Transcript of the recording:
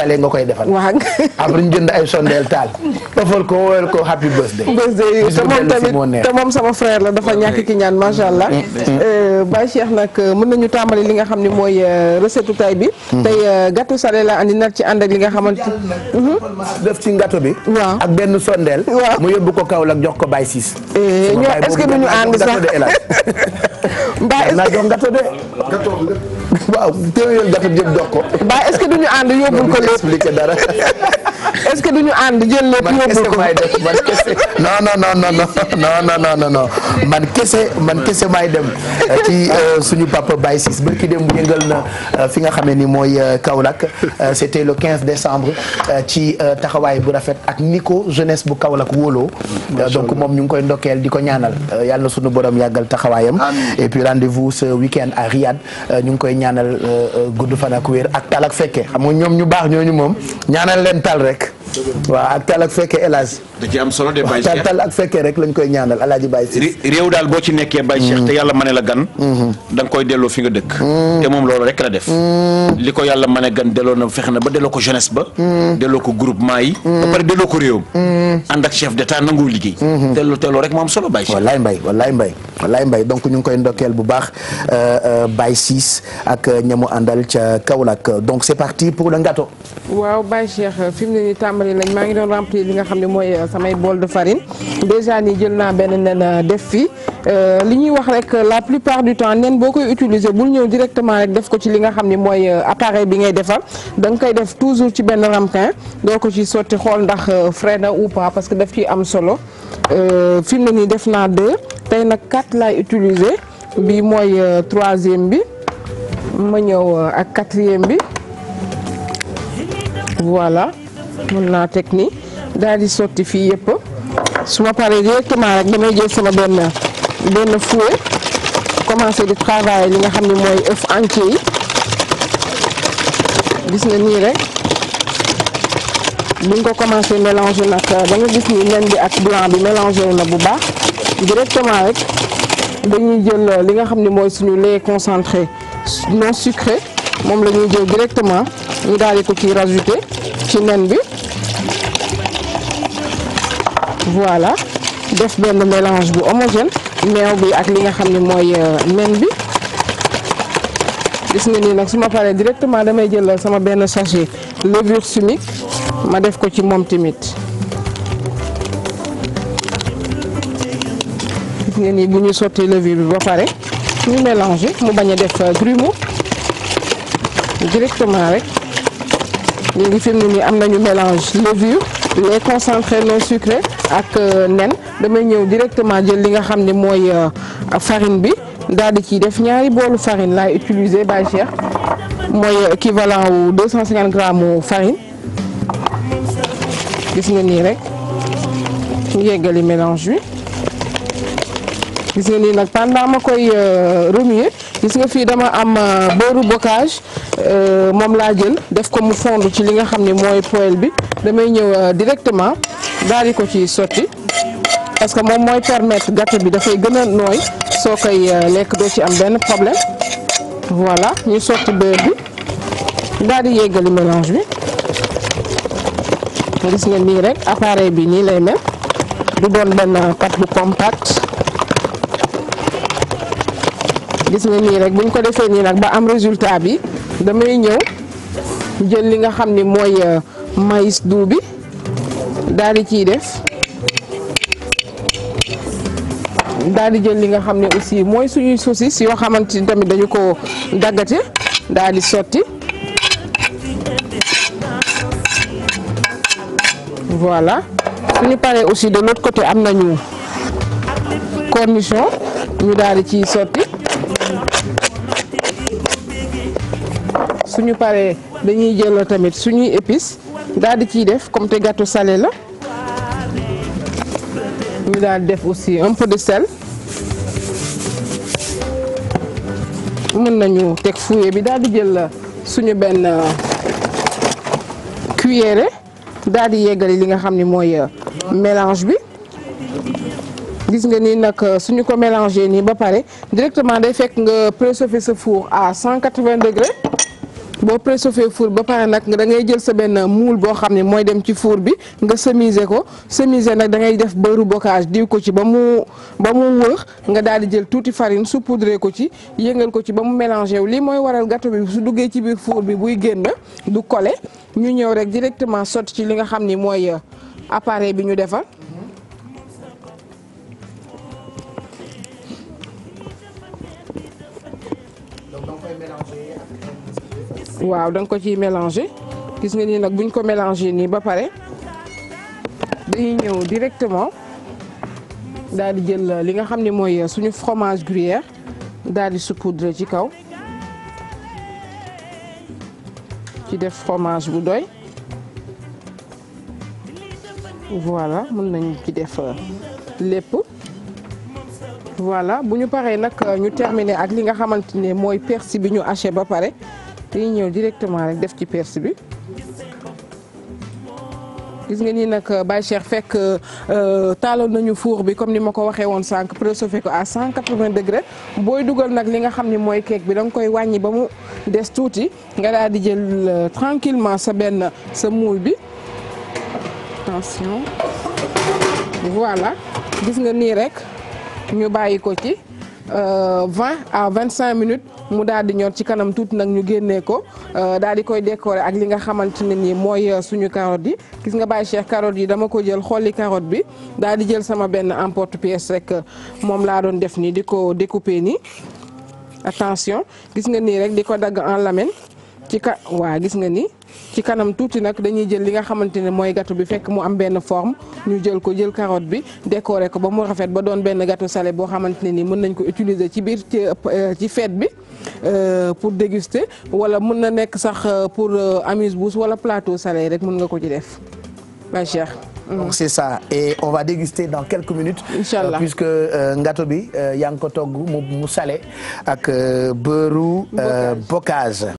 sale nga koy defal. waaw après ñu jënd ay sondeel taal. defal ko woyal ko happy birthday. birthday te moom tamit la dafa ñàkk ki ñaan macha allah. Mm, mm. Euh, euh, tàmbali li nga xam ni mooy euh, recette tay bi. Mm. tey gâteau salé la andi nag ci ànd ak li nga xamante. Mhm. def ci gâteau bi. waaw ak benn sondeel. waaw mu yóbbu ko Kaolack jox ko Baye Ciss. Eh, ñoo est-ce que duñu ànd sax mbaa est-ce que naa jox gâteau de. gâteau waaw téeméer gâteau bi yëpp jox ko. mbaa est-ce que duñu ànd yóbbul ko lépp expliqué dara. est-ce que ñu ànd jël lépp yóbbu ko man kese man kese non man kese man kese maay dem ci euh, suñu papa Baye Ciss bërki dem yëngal na euh, fi nga xamee ni mooy euh, Kaolack c'était le 15 décembre ci taxawaay bu rafet ak niko ko jeunesse bu Kaolack woolo donc moom ñu ngi koy ndokkeel di ko ñaanal yàlla na suñu borom yàggal taxawaayam et puis rendez-vous ce week-end à ñu ngi koy ñaanal gudd fan ak wér ak tal ak fekke xam nga ñoom ñu baax ñooñu moom ñaanal leen tal rek waaw ak tal ak fekkee El Hadj da ci am solo de Baye Cheikh tal ak fekkee rek lañ koy ñaanal El Hadj Baye daal boo ci nekkee Baye Cheikh mm-hmm. te yàlla mane la gan mm-hmm. danga koy delloo fi nga dëkk mm-hmm. te moom loolu rek la def li ko yàlla mane gan delloo na fex na ba delloo ko jeunesse ba delloo ko groupement yi ba pare delloo ko réewam ànd ak chef d'état nangoo liggéey te loolu rek moo am solo bay Cheikh wallaay mbay wallaay mbay Laye mbay donc ñu ngi koy ndokkeel bu baax euh, euh, Baye Ciss ak euh, ñamu àndal ca Kaolack donc c'est parti pour la ngato waaw Baye Cheikh fi mu ne nii tàmbali nañ maa ngi doon remplir li nga xam ne mooy samay bool de farine déjà nii jël naa benn nen def fii li ñuy wax rek la plupart du temps nen boo koy utiliser bul ñëw directement rek def ko ci li nga xam ni mooy appareil bi ngay defar danga koy def toujours ci benn ramequin doo ko ci sotti xool ndax frais na ou pas parce que daf am solo fi mu ne nii def naa deux. tey nag quatre laay utiliser bi mooy euh, troisième bi ma ñëw euh, ak quatrième bi voilà mën naa teg ni daal di sotti fii yëpp su ma paree directement rek damay jël sama benn benn fouet commencé di travailler li nga xam ne mooy œuf yi gis nga nii rek buñ ko commencé mélanger nag da euh, nga gis ni nen bi ak blanc bi mélangé na bu baax. directement rek dañuy jël li nga xam ni mooy suñu lait concentré non sucré moom la ñuy jël directement ñu daal di ko ci rajouter ci nen bi voilà def benn mélange bu homogène meew bi ak li nga xam ne mooy euh, nen bi gis na nii nag su ma paree directement damay jël sama benn sachet levure chimique ma def ko ci moom tamit. nga nii bu ñuy sottee levure bi ba pare ñu mélanger mu bañ a def euh, grumeau directement rek ñu ngi fi nii am nañu mélange levure lait concentré non sucré ak euh, nen damay ñëw directement jël li nga xam ne mooy euh, farine bi daal di ciy def ñaari boolu farine laay utiliser Baye Cheikh mooy équivalent wu 250 grammes farine gis nga nii rek ñu yeggali mélange bi. gis nga nii nag pendant ma koy euh, remuer gis nga fii dama am beurre bocage euh, moom laa jël def ko mu fond ci li nga xam ne mooy poêle bi damay ñëw euh, directement daal di ko ci sotti parce que moom mooy permettre gâteau bi dafay gën a nooy soo koy lekk doo ci am benn problème voilà ñu sotti beurre bi daal di mélange bi gis nga nii rek appareil bi nii lay mel du doon benn pâte bu compacte gis nga nii rek bu ñu ko defee nii nag ba am résultat bi damay ñëw jël li nga xam ni mooy euh, maïs doux bi daal di ciy def daal di jël li nga xam ne aussi mooy suñuy saucisse yoo xamante ni tamit dañu ko daggate daal di sotti voilà suñu paree aussi de l'autre côté am nañu condition ñu daal di ciy sotti suñu paree dañuy jëloo tamit suñuy épices daal di ciy def comme te gâteau salé la ñu daal def aussi un peu de sel mën nañu teg fouet bi daal di jël suñu benn cuillère daal di yeggali li nga xam ni mooy mélange bi gis nga ni nag suñu ko mélangé nii ba pare directement day fekk nga préchauffer sa four à cent quatre 180 degrés boo préchauffé four ba pare nag da ngay jël sa benn moule boo xam ne mooy dem ci four bi nga semiser ko semiser nag da ngay def bëru bocage diw ko ci ba mu ba mu wër nga daal di jël tuuti farine saupoudré ko ci yëngal ko ci ba mu mélangé wu lii mooy waral gâteau bi su duggee ci biir four bi buy génn du kole ñu ñëw rek directement sotti ci li nga xam ni mooy euh, appareil bi ñu defar. waaw da nga ko ciy mélanger gis nga nii nag buñ ko mélanger nii ba pare dañuy ñëw directement daal di jël euh, li nga xam ne mooy euh, suñu fromage gruyère daal di saupoudre ci kaw ci def fromage bu doy voilà mën nañ ci def euh, lépp voilà bu ñu paree nag ñu terminer ak li nga xamante ne mooy persil bi ñu haché ba pare dañuy ñëw directement rek def ci persil bi gis nga nii nag euh, Baye Cheikh fekk euh, euh, taaloon nañu four bi comme ni ma ko waxee woon sànq préchauffé ko à 180 degrés booy dugal nag li nga xam ni mooy keek bi da nga koy wàññi ba mu des tuuti nga daal di jël tranquillement sa benn sa moule bi attention voilà gis nga nii rek ñu bàyyi ko ci 20 à vingt 25 minutes mu daal di ñor ci kanam tuuti nag ñu génnee ko euh, daal di koy décorer ak li nga xamante ne nii mooy euh, suñu carotte di gis nga bàyyi cheikh carotte yi dama ko jël xolli carotte bi daal di jël sama benn emporte pièce rek euh, moom laa doon def nii di ko découper nii attention gis nga nii rek di ko dagg en lamine ci ka waa gis nga nii ci kanam tuuti nag dañuy jël li nga xamante ne mooy gato bi fekk mu am benn forme ñu jël ko jël carotte bi décorer ko ba mu rafet ba doon benn gâteau salé boo xamante ne ni mën nañ ko utiliser ci biir ci euh, fête bi euh, pour déguster wala mën na nekk sax euh, pour amuse-bouche wala plateau salé rek mën nga ko ci def ma chère donc mm. c'est ça et on va déguster dans quelques minutes. inchallah euh, puisque euh, ngato bi euh, yaa ngi ko togg mu mu salé ak beurre bocage.